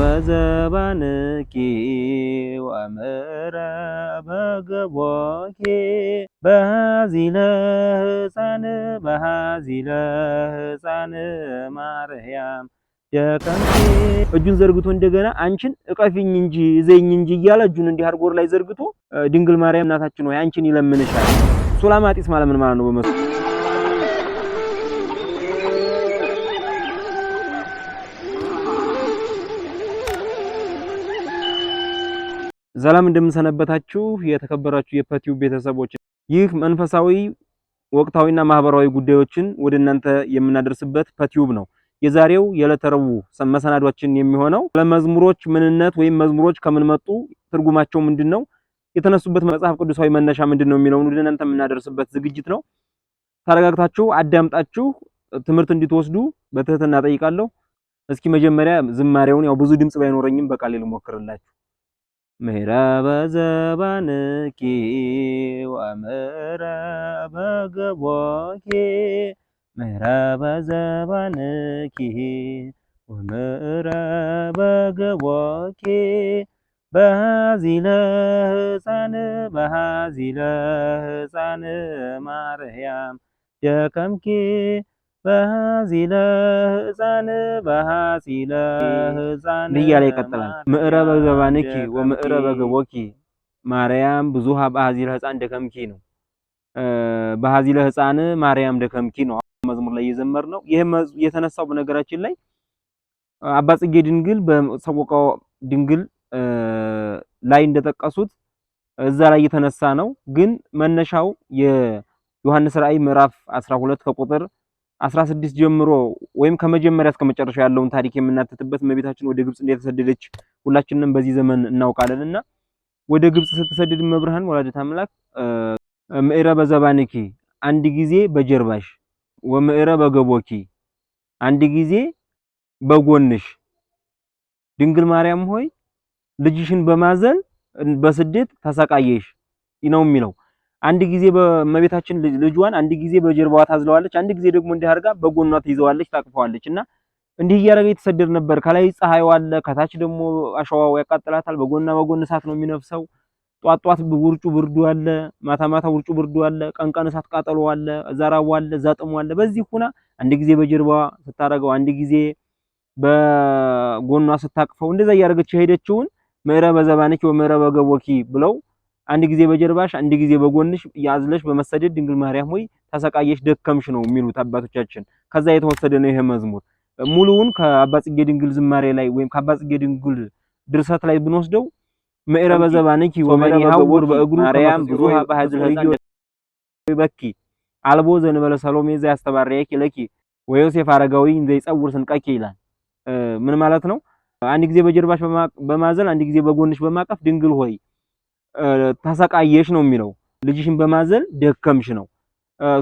በዘባንኪ ወምረ በግቦኪ በሃዚለ ህፃን በሃዚለ ህፃን ማርያም ደከምቲ እጁን ዘርግቶ እንደገና አንቺን እቀፊኝ እንጂ እዘኝ እንጂ እያለ እጁን እንዲህ አድርጎ ላይ ዘርግቶ ድንግል ማርያም እናታችን ሆይ አንቺን ይለምንሻል። ሱላማጢስ ማለት ምን ማለት ነው በመስ ሰላም እንደምንሰነበታችሁ የተከበራችሁ የፐቲው ቤተሰቦች፣ ይህ መንፈሳዊ ወቅታዊና ማህበራዊ ጉዳዮችን ወደ እናንተ የምናደርስበት ፐቲውብ ነው። የዛሬው የዕለተ ረቡዕ መሰናዷችን የሚሆነው ለመዝሙሮች ምንነት ወይም መዝሙሮች ከምን መጡ፣ ትርጉማቸው ምንድን ነው፣ የተነሱበት መጽሐፍ ቅዱሳዊ መነሻ ምንድን ነው የሚለውን ወደ እናንተ የምናደርስበት ዝግጅት ነው። ተረጋግታችሁ አዳምጣችሁ ትምህርት እንድትወስዱ በትህትና ጠይቃለሁ። እስኪ መጀመሪያ ዝማሬውን ያው ብዙ ድምጽ ባይኖረኝም በቃሌ ልሞክርላችሁ። ምሕራበ ዘባንኪ ወምሕራበ ገቦኪ ምሕራበ ዘባንኪ ወምሕራበ ገቦኪ በሃዚለ ህፃን በሃዚለ ህፃን ማርያም ደከምኪ በሃዚለ ህፃን በሃዚለ ህፃን እያለ ይቀጥላል። ምዕረበ ገባንኪ ወምዕረበ ገቦኪ ማርያም ብዙሃ ህፃን ደከምኪ ነው። ህፃን ማርያም ደከምኪ ነው መዝሙር ላይ እየዘመር ነው። ይህ የተነሳው በነገራችን ላይ አባ ጽጌ ድንግል በሰቆቃወ ድንግል ላይ እንደጠቀሱት እዛ ላይ የተነሳ ነው። ግን መነሻው የዮሐንስ ራእይ ምዕራፍ 12 ከቁጥር 16 ጀምሮ ወይም ከመጀመሪያ እስከ መጨረሻ ያለውን ታሪክ የምናትትበት እመቤታችን ወደ ግብጽ እንደተሰደደች ሁላችንም በዚህ ዘመን እናውቃለን እና ወደ ግብጽ ስትሰደድ መብርሃን ወላዲተ አምላክ ምዕረ በዘባንኪ አንድ ጊዜ በጀርባሽ ወምዕረ በገቦኪ አንድ ጊዜ በጎንሽ ድንግል ማርያም ሆይ ልጅሽን በማዘን በስደት ተሰቃየሽ ነው የሚለው። አንድ ጊዜ በመቤታችን ልጇን አንድ ጊዜ በጀርባዋ ታዝለዋለች፣ አንድ ጊዜ ደግሞ እንዲህ አድርጋ በጎኗ ትይዘዋለች፣ ታቅፈዋለች እና እንዲህ እያደረገ የተሰደድ ነበር። ከላይ ፀሐይ አለ፣ ከታች ደግሞ አሸዋው ያቃጥላታል። በጎና በጎን እሳት ነው የሚነፍሰው። ጧት ጧት ውርጩ ብርዱ አለ፣ ማታ ማታ ውርጩ ብርዱ አለ፣ ቀን ቀን እሳት ቃጠሎ አለ፣ እዛ ራቧ አለ፣ እዛ አለ። በዚህ ሁና አንድ ጊዜ በጀርባዋ ስታረገው፣ አንድ ጊዜ በጎኗ ስታቅፈው፣ እንደዛ እያደረገች የሄደችውን ምዕረ በዘባነኪ ወምዕረ በገቦኪ ብለው አንድ ጊዜ በጀርባሽ አንድ ጊዜ በጎንሽ ያዝለሽ በመሰደድ ድንግል ማርያም ሆይ ተሰቃየሽ ደከምሽ ነው የሚሉት አባቶቻችን። ከዛ የተወሰደ ነው ይሄ መዝሙር። ሙሉውን ከአባጽጌ ድንግል ዝማሬ ላይ ወይም ከአባጽጌ ድንግል ድርሰት ላይ ብንወስደው ምዕረ ዘባንኪ ወመን ይሐውር በእግሩ ማርያም ብዙሃ በሃዝል ህዮ በኪ አልቦ ዘንበለ ሰሎሜ ዘያስተባረየኪ ለኪ ወዮሴፍ አረጋዊ ዘይጸውር ስንቀኪ ይላል። ምን ማለት ነው? አንድ ጊዜ በጀርባሽ በማዘል አንድ ጊዜ በጎንሽ በማቀፍ ድንግል ሆይ ተሰቃየሽ ነው የሚለው። ልጅሽን በማዘል ደከምሽ ነው።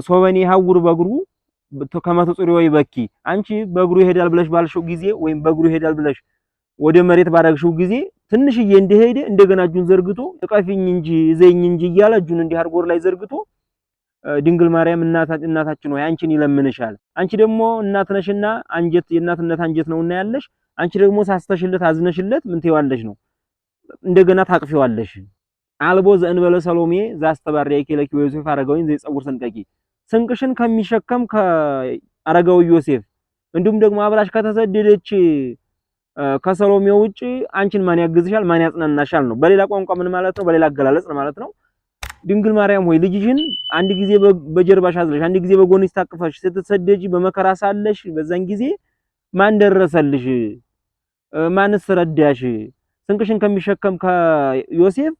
ሶበኔ ሀውር በእግሩ ከመቶ ጽሪ ወይ በኪ አንቺ በእግሩ ይሄዳል ብለሽ ባልሽው ጊዜ ወይም በእግሩ ይሄዳል ብለሽ ወደ መሬት ባደረግሽው ጊዜ ትንሽዬ እንደሄደ እንደገና እጁን ዘርግቶ እቀፊኝ እንጂ ዘይኝ እንጂ እያለ እጁን እንዲህ አድርጎ ላይ ዘርግቶ ድንግል ማርያም እናታችን ሆይ አንቺን ይለምንሻል። አንቺ ደግሞ እናት ነሽና አንጀት የእናትነት አንጀት ነውና ያለሽ አንቺ ደግሞ ሳስተሽለት አዝነሽለት ምን ትይዋለሽ ነው እንደገና ታቅፊዋለሽ። አልቦ ዘእንበለ ሰሎሜ ዘአስተባረየኪ ለኪ ዮሴፍ አረጋዊ ዘይጸውር ሰንጠቂ ስንቅሽን ከሚሸከም ከአረጋዊ ዮሴፍ እንዲሁም ደግሞ አብራሽ ከተሰደደች ከሰሎሜ ውጪ አንቺን ማን ያግዝሻል? ማን ያጽናናሻል? ነው በሌላ ቋንቋ ምን ማለት ነው? በሌላ አገላለጽ ማለት ነው። ድንግል ማርያም ሆይ ልጅሽን አንድ ጊዜ በጀርባሽ አዝለሽ፣ አንድ ጊዜ በጎንሽ ታቅፈሽ ስትሰደጂ በመከራ ሳለሽ በዛን ጊዜ ማን ደረሰልሽ? ማንስ ረዳሽ? ስንቅሽን ከሚሸከም ከዮሴፍ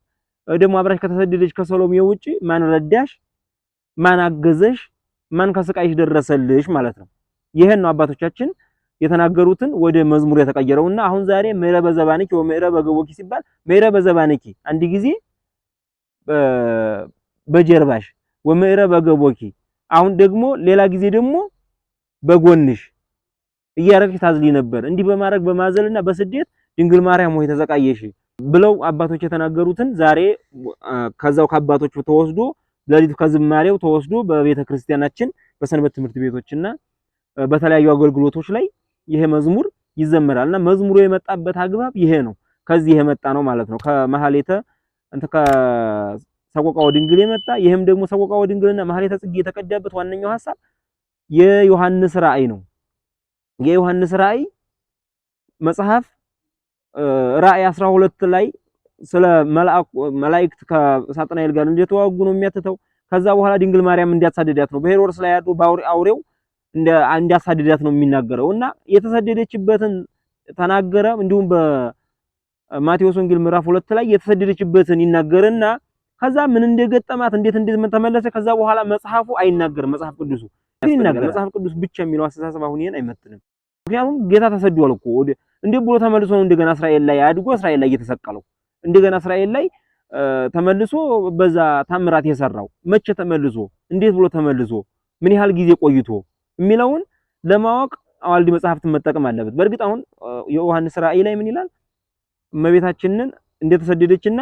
ደግሞ አብራሽ ከተሰደደች ከሰሎሜ ውጪ ማን ረዳሽ? ማን አገዘሽ? ማን ከስቃይሽ ደረሰልሽ ማለት ነው። ይሄን ነው አባቶቻችን የተናገሩትን ወደ መዝሙር የተቀየረውና አሁን ዛሬ ምዕረ በዘባንኪ ወምዕረ በገቦኪ ሲባል ምዕረ በዘባንኪ አንድ ጊዜ በጀርባሽ ወምዕረ በገቦኪ አሁን ደግሞ ሌላ ጊዜ ደግሞ በጎንሽ እያረግሽ ታዝሊ ነበር። እንዲህ በማድረግ በማዘልና በስደት ድንግል ማርያም ሆይ ተዘቃየሽ ብለው አባቶች የተናገሩትን ዛሬ ከዛው ከአባቶቹ ተወስዶ ሌሊቱ ከዝማሬው ተወስዶ በቤተ ክርስቲያናችን በሰንበት ትምህርት ቤቶችና በተለያዩ አገልግሎቶች ላይ ይሄ መዝሙር ይዘመራልና መዝሙሩ የመጣበት አግባብ ይሄ ነው። ከዚህ የመጣ ነው ማለት ነው። ከመሐሌተ እንተ ከሰቆቃወ ድንግል የመጣ ይሄም ደግሞ ሰቆቃወ ድንግልና መሐሌተ ጽጌ የተቀዳበት ዋነኛው ሐሳብ የዮሐንስ ራእይ ነው። የዮሐንስ ራእይ መጽሐፍ ራእይ 12 ላይ ስለ መላእክት ከሳጥናኤል ጋር እንደተዋጉ ነው የሚያትተው። ከዛ በኋላ ድንግል ማርያም እንዲያሳደዳት ነው በሄሮድስ ላይ ያለው አውሬው እንዲያሳደዳት ነው የሚናገረው እና የተሰደደችበትን ተናገረ። እንዲሁም በማቴዎስ ወንጌል ምዕራፍ ሁለት ላይ የተሰደደችበትን ይናገርና ከዛ ምን እንደገጠማት እንዴት እንዴት ተመለሰ። ከዛ በኋላ መጽሐፉ አይናገርም። መጽሐፍ ቅዱሱ ይናገር መጽሐፍ ቅዱስ ብቻ የሚለው አስተሳሰብ አሁን ይሄን አይመጥንም። ምክንያቱም ጌታ ተሰዷል እኮ እንዴት ብሎ ተመልሶ ነው እንደገና እስራኤል ላይ አድጎ እስራኤል ላይ የተሰቀለው? እንደገና እስራኤል ላይ ተመልሶ በዛ ታምራት የሰራው መቼ ተመልሶ እንዴት ብሎ ተመልሶ ምን ያህል ጊዜ ቆይቶ የሚለውን ለማወቅ አዋልድ መጽሐፍትን መጠቀም አለበት። በእርግጥ አሁን የዮሐንስ ራእይ ላይ ምን ይላል? እመቤታችንን እንደተሰደደችና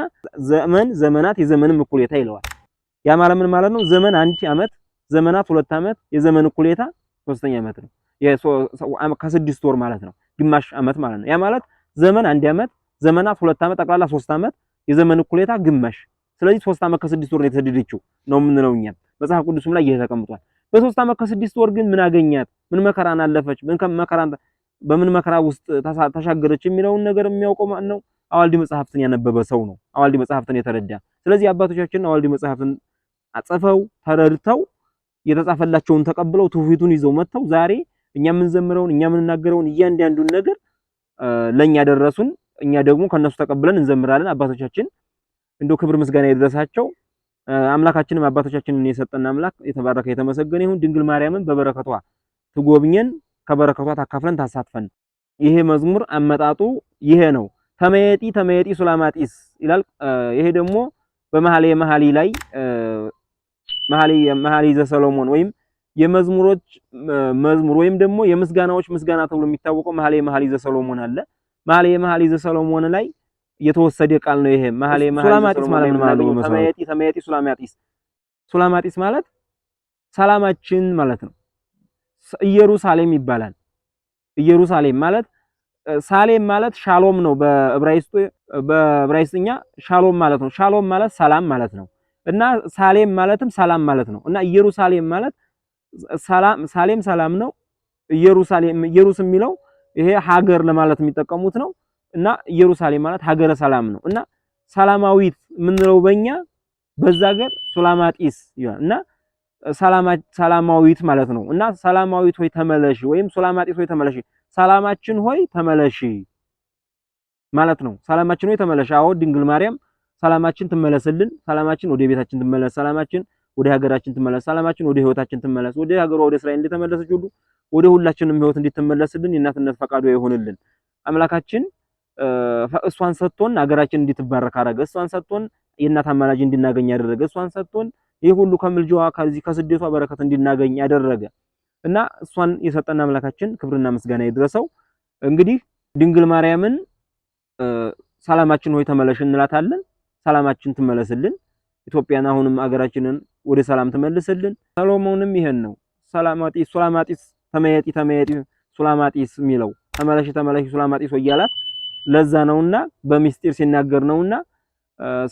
ዘመን ዘመናት የዘመንም እኩሌታ ይለዋል። ያ ማለት ምን ማለት ነው? ዘመን አንድ ዓመት፣ ዘመናት ሁለት ዓመት፣ የዘመን እኩሌታ ሶስተኛ ዓመት ነው። ከስድስት ወር ማለት ነው። ግማሽ ዓመት ማለት ነው። ያ ማለት ዘመን አንድ ዓመት፣ ዘመናት ሁለት ዓመት፣ ጠቅላላ ሶስት ዓመት፣ የዘመን እኩሌታ ግማሽ። ስለዚህ ሶስት ዓመት ከስድስት ወር ነው የተሰደደችው ነው የምንለው እኛ መጽሐፍ ቅዱስም ላይ ይሄ ተቀምጧል። በሶስት ዓመት ከስድስት ወር ግን ምን አገኛት? ምን መከራን አለፈች? ምን መከራን በምን መከራ ውስጥ ተሻገረች የሚለውን ነገር የሚያውቀው ማን ነው? አዋልዲ መጽሐፍትን ያነበበ ሰው ነው። አዋልዲ መጽሐፍትን የተረዳ ስለዚህ አባቶቻችን አዋልዲ መጽሐፍትን አጽፈው ተረድተው የተጻፈላቸውን ተቀብለው ትውፊቱን ይዘው መጥተው ዛሬ እኛ የምንዘምረውን እኛ የምንናገረውን እያንዳንዱን ነገር ለኛ ደረሱን። እኛ ደግሞ ከነሱ ተቀብለን እንዘምራለን። አባቶቻችን እንደው ክብር ምስጋና ይድረሳቸው። አምላካችንም አባቶቻችንን የሰጠን አምላክ የተባረከ የተመሰገነ ይሁን። ድንግል ማርያምን በበረከቷ ትጎብኘን፣ ከበረከቷ ታካፍለን፣ ታሳትፈን። ይሄ መዝሙር አመጣጡ ይሄ ነው። ተመየጢ ተመየጢ ሱላማጢስ ይላል። ይሄ ደግሞ በመኃልየ መኃልይ ላይ መኃልየ ዘሰሎሞን ወይም የመዝሙሮች መዝሙር ወይም ደግሞ የምስጋናዎች ምስጋና ተብሎ የሚታወቀው መኃልየ መኃልይ ዘሰሎሞን አለ። መኃልየ መኃልይ ዘሰሎሞን ላይ የተወሰደ ቃል ነው። ይሄ መኃልየ መኃልይ ሱላማጢስ ማለት ነው ማለት ነው። ሰማያቲ ሰማያቲ ሱላማጢስ ሱላማጢስ ማለት ሰላማችን ማለት ነው። ኢየሩሳሌም ይባላል። ኢየሩሳሌም ማለት ሳሌም ማለት ሻሎም ነው። በዕብራይስጥ በዕብራይስጥኛ ሻሎም ማለት ነው። ሻሎም ማለት ሰላም ማለት ነው እና ሳሌም ማለትም ሰላም ማለት ነው እና ኢየሩሳሌም ማለት ሰላም ሳሌም ሰላም ነው። ኢየሩሳሌም ኢየሩስ የሚለው ይሄ ሀገር ለማለት የሚጠቀሙት ነው እና ኢየሩሳሌም ማለት ሀገረ ሰላም ነው እና ሰላማዊት የምንለው በእኛ በዛ ሀገር ሱላማጢስ እና ሰላማዊት ማለት ነው እና ሰላማዊት ሆይ ተመለሺ ወይም ሱላማጢስ ሆይ ተመለሺ፣ ሰላማችን ሆይ ተመለሺ ማለት ነው። ሰላማችን ሆይ ተመለሽ። አዎ ድንግል ማርያም ሰላማችን ትመለስልን፣ ሰላማችን ወደ ቤታችን ትመለስ፣ ሰላማችን ወደ ሀገራችን ትመለስ፣ ሰላማችን ወደ ህይወታችን ትመለስ፣ ወደ ሀገሯ ወደ እስራኤል እንደተመለሰች ሁሉ ወደ ሁላችንም ህይወት እንድትመለስልን የእናትነት ፈቃዱ ይሆንልን። አምላካችን እሷን ሰጥቶን ሀገራችን እንድትባረክ አደረገ። እሷን ሰጥቶን የእናት አማላጅ እንድናገኝ ያደረገ። እሷን ሰጥቶን ይህ ሁሉ ከምልጃዋ ከዚህ ከስደቷ በረከት እንድናገኝ ያደረገ እና እሷን የሰጠን አምላካችን ክብርና ምስጋና ይድረሰው። እንግዲህ ድንግል ማርያምን ሰላማችን ሆይ ተመለሽ እንላታለን። ሰላማችን ትመለስልን። ኢትዮጵያን አሁንም አገራችንን ወደ ሰላም ትመልስልን። ሰሎሞንም ይሄን ነው ሰላማጢስ ሱላማጢስ ተመየጢ ተመየጢ ሱላማጢስ የሚለው ተመለሽ ተመለሽ ሱላማጢስ ወያላት ለዛ ነውና በሚስጢር ሲናገር ነውና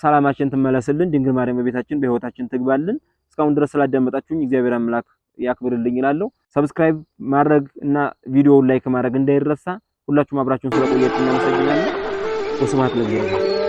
ሰላማችን ትመለስልን። ድንግል ማርያም በቤታችን በህይወታችን ትግባልን። እስካሁን ድረስ ስላዳመጣችሁኝ እግዚአብሔር አምላክ ያክብርልኝ እላለሁ። ሰብስክራይብ ማድረግ እና ቪዲዮውን ላይክ ማድረግ እንዳይረሳ። ሁላችሁም አብራችሁን ስለቆያችሁ እናመሰግናለን። ወስብሐት ለእግዚአብሔር።